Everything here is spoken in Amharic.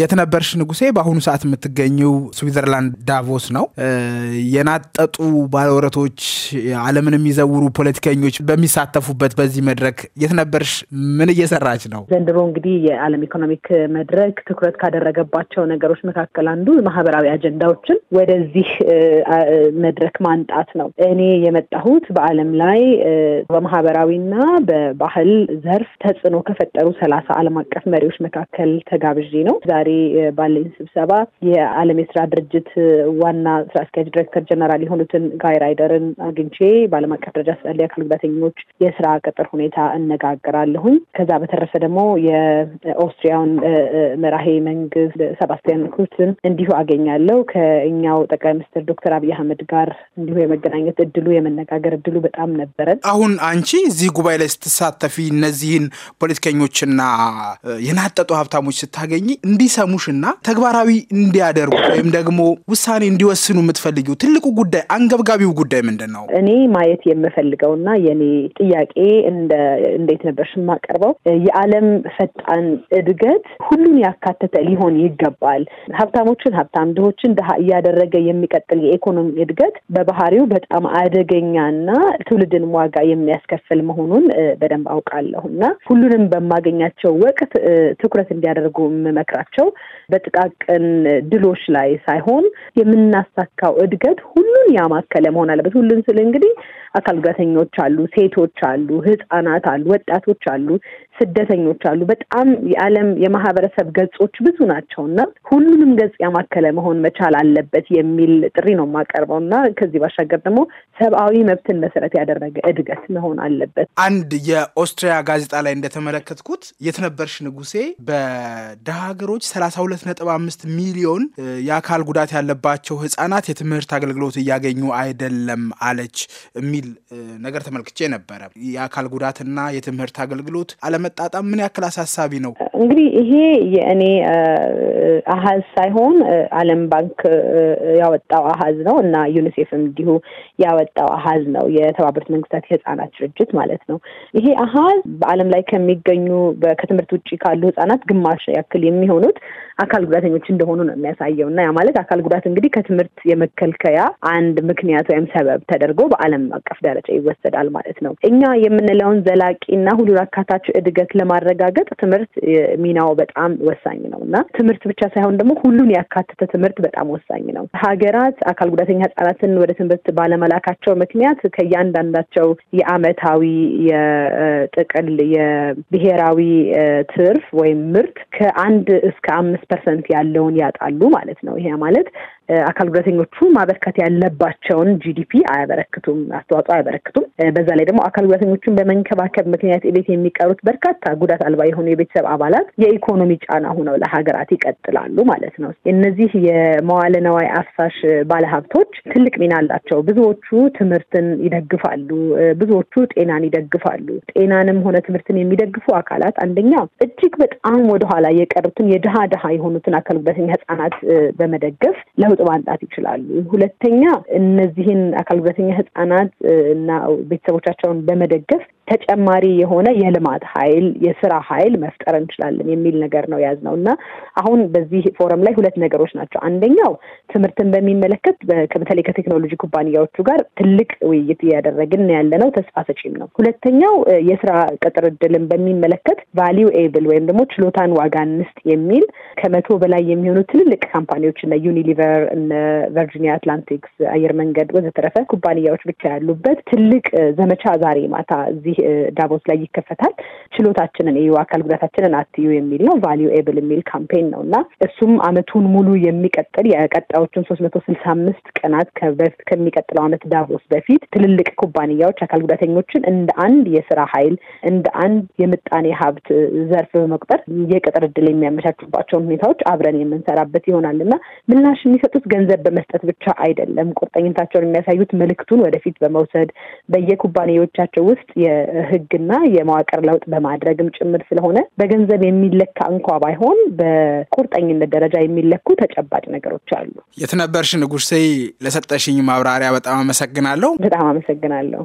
የትነበርሽ ንጉሴ በአሁኑ ሰዓት የምትገኘው ስዊዘርላንድ ዳቮስ ነው። የናጠጡ ባለወረቶች፣ ዓለምን የሚዘውሩ ፖለቲከኞች በሚሳተፉበት በዚህ መድረክ የትነበርሽ ምን እየሰራች ነው? ዘንድሮ እንግዲህ የዓለም ኢኮኖሚክ መድረክ ትኩረት ካደረገባቸው ነገሮች መካከል አንዱ ማህበራዊ አጀንዳዎችን ወደዚህ መድረክ ማንጣት ነው። እኔ የመጣሁት በዓለም ላይ በማህበራዊና በባህል ዘርፍ ተጽዕኖ ከፈጠሩ ሰላሳ ዓለም አቀፍ መሪዎች መካከል ተጋብዤ ነው። ዛሬ ባለኝ ስብሰባ የዓለም የስራ ድርጅት ዋና ስራ አስኪያጅ ዲሬክተር ጀነራል የሆኑትን ጋይ ራይደርን አግኝቼ በዓለም አቀፍ ደረጃ ስላለ የአካል ጉዳተኞች የስራ ቅጥር ሁኔታ እነጋገራለሁኝ። ከዛ በተረፈ ደግሞ የኦስትሪያውን መራሄ መንግስት ሰባስቲያን ኩርትን እንዲሁ አገኛለሁ። ከእኛው ጠቅላይ ሚኒስትር ዶክተር አብይ አህመድ ጋር እንዲሁ የመገናኘት እድሉ የመነጋገር እድሉ በጣም ነበረን። አሁን አንቺ እዚህ ጉባኤ ላይ ስትሳተፊ እነዚህን ፖለቲከኞችና የናጠጡ ሀብታሞች ስታገኝ እንዲሰሙሽና ተግባራዊ እንዲያደርጉ ወይም ደግሞ ውሳኔ እንዲወስኑ የምትፈልጊው ትልቁ ጉዳይ አንገብጋቢው ጉዳይ ምንድን ነው? እኔ ማየት የምፈልገውና የኔ ጥያቄ እንዴት ነበር የማቀርበው የዓለም ፈጣን እድገት ሁሉን ያካተተ ሊሆን ይገባል። ሀብታሞችን ሀብታም፣ ድሆችን ድሀ እያደረገ የሚቀጥል የኢኮኖሚ እድገት በባህሪው በጣም አደገኛና ትውልድን ዋጋ የሚያስከፍል መሆኑን በደንብ አውቃለሁ እና ሁሉንም በማገኛቸው ወቅት ትኩረት እንዲያደርጉ መክራ የምናደርጋቸው በጥቃቅን ድሎች ላይ ሳይሆን የምናሳካው እድገት ሁሉን ያማከለ መሆን አለበት። ሁሉን ስል እንግዲህ አካል ጉዳተኞች አሉ፣ ሴቶች አሉ፣ ህጻናት አሉ፣ ወጣቶች አሉ፣ ስደተኞች አሉ። በጣም የዓለም የማህበረሰብ ገጾች ብዙ ናቸው እና ሁሉንም ገጽ ያማከለ መሆን መቻል አለበት የሚል ጥሪ ነው የማቀርበው እና ከዚህ ባሻገር ደግሞ ሰብአዊ መብትን መሰረት ያደረገ እድገት መሆን አለበት። አንድ የኦስትሪያ ጋዜጣ ላይ እንደተመለከትኩት የት ንጉሴ በደሃ ሀገሮች 32.5 ሚሊዮን የአካል ጉዳት ያለባቸው ህጻናት የትምህርት አገልግሎት እያገኙ አይደለም አለች የሚል ነገር ተመልክቼ ነበረ። የአካል ጉዳትና የትምህርት አገልግሎት አለመጣጣም ምን ያክል አሳሳቢ ነው? እንግዲህ ይሄ የእኔ አሀዝ ሳይሆን ዓለም ባንክ ያወጣው አሀዝ ነው እና ዩኒሴፍም እንዲሁ ያወጣው አሀዝ ነው። የተባበሩት መንግስታት የህጻናት ድርጅት ማለት ነው። ይሄ አሀዝ በዓለም ላይ ከሚገኙ ከትምህርት ውጭ ካሉ ህጻናት ግማሽ ያክል የሚ የሚሆኑት አካል ጉዳተኞች እንደሆኑ ነው የሚያሳየው እና ያ ማለት አካል ጉዳት እንግዲህ ከትምህርት የመከልከያ አንድ ምክንያት ወይም ሰበብ ተደርጎ በዓለም አቀፍ ደረጃ ይወሰዳል ማለት ነው። እኛ የምንለውን ዘላቂና ሁሉን አካታች እድገት ለማረጋገጥ ትምህርት ሚናው በጣም ወሳኝ ነው እና ትምህርት ብቻ ሳይሆን ደግሞ ሁሉን ያካተተ ትምህርት በጣም ወሳኝ ነው። ሀገራት አካል ጉዳተኛ ህጻናትን ወደ ትምህርት ባለመላካቸው ምክንያት ከእያንዳንዳቸው የአመታዊ የጥቅል የብሔራዊ ትርፍ ወይም ምርት ከአንድ እስከ አምስት ፐርሰንት ያለውን ያጣሉ ማለት ነው። ይሄ ማለት አካል ጉዳተኞቹ ማበርከት ያለባቸውን ጂዲፒ አያበረክቱም፣ አስተዋጽኦ አያበረክቱም። በዛ ላይ ደግሞ አካል ጉዳተኞቹን በመንከባከብ ምክንያት ቤት የሚቀሩት በርካታ ጉዳት አልባ የሆኑ የቤተሰብ አባላት የኢኮኖሚ ጫና ሆነው ለሀገራት ይቀጥላሉ ማለት ነው። እነዚህ የመዋለ ነዋይ አፍሳሽ ባለሀብቶች ትልቅ ሚና አላቸው። ብዙዎቹ ትምህርትን ይደግፋሉ፣ ብዙዎቹ ጤናን ይደግፋሉ። ጤናንም ሆነ ትምህርትን የሚደግፉ አካላት አንደኛ እጅግ በጣም ወደኋላ የቀሩትን የድሃ ድሃ የሆኑትን አካል ጉዳተኛ ህጻናት በመደገፍ ለውጥ ለውጥ ማምጣት ይችላሉ። ሁለተኛ እነዚህን አካል ጉዳተኛ ህጻናት እና ቤተሰቦቻቸውን በመደገፍ ተጨማሪ የሆነ የልማት ኃይል የስራ ኃይል መፍጠር እንችላለን የሚል ነገር ነው የያዝነው እና አሁን በዚህ ፎረም ላይ ሁለት ነገሮች ናቸው። አንደኛው ትምህርትን በሚመለከት በተለይ ከቴክኖሎጂ ኩባንያዎቹ ጋር ትልቅ ውይይት እያደረግን ያለ ነው። ተስፋ ሰጪም ነው። ሁለተኛው የስራ ቅጥር እድልን በሚመለከት ቫሊዩ ኤብል ወይም ደግሞ ችሎታን ዋጋ እንስጥ የሚል ከመቶ በላይ የሚሆኑ ትልልቅ ካምፓኒዎች እነ ዩኒሊቨር፣ እነ ቨርጂኒያ አትላንቲክስ አየር መንገድ ወዘተረፈ ኩባንያዎች ብቻ ያሉበት ትልቅ ዘመቻ ዛሬ ማታ እዚህ ዳቦስ ላይ ይከፈታል። ችሎታችንን እዩ፣ አካል ጉዳታችንን አትዩ የሚል ነው። ቫሊዩ ኤብል የሚል ካምፔን ነው እና እሱም አመቱን ሙሉ የሚቀጥል የቀጣዮቹን ሶስት መቶ ስልሳ አምስት ቀናት ከሚቀጥለው አመት ዳቦስ በፊት ትልልቅ ኩባንያዎች አካል ጉዳተኞችን እንደ አንድ የስራ ኃይል እንደ አንድ የምጣኔ ሀብት ዘርፍ በመቁጠር የቅጥር እድል የሚያመቻቹባቸውን ሁኔታዎች አብረን የምንሰራበት ይሆናል እና ምላሽ የሚሰጡት ገንዘብ በመስጠት ብቻ አይደለም። ቁርጠኝነታቸውን የሚያሳዩት መልእክቱን ወደፊት በመውሰድ በየኩባንያዎቻቸው ውስጥ ህግና የመዋቅር ለውጥ በማድረግም ጭምር ስለሆነ በገንዘብ የሚለካ እንኳ ባይሆን በቁርጠኝነት ደረጃ የሚለኩ ተጨባጭ ነገሮች አሉ። የትነበርሽ ንጉሴ፣ ለሰጠሽኝ ማብራሪያ በጣም አመሰግናለሁ። በጣም አመሰግናለሁ።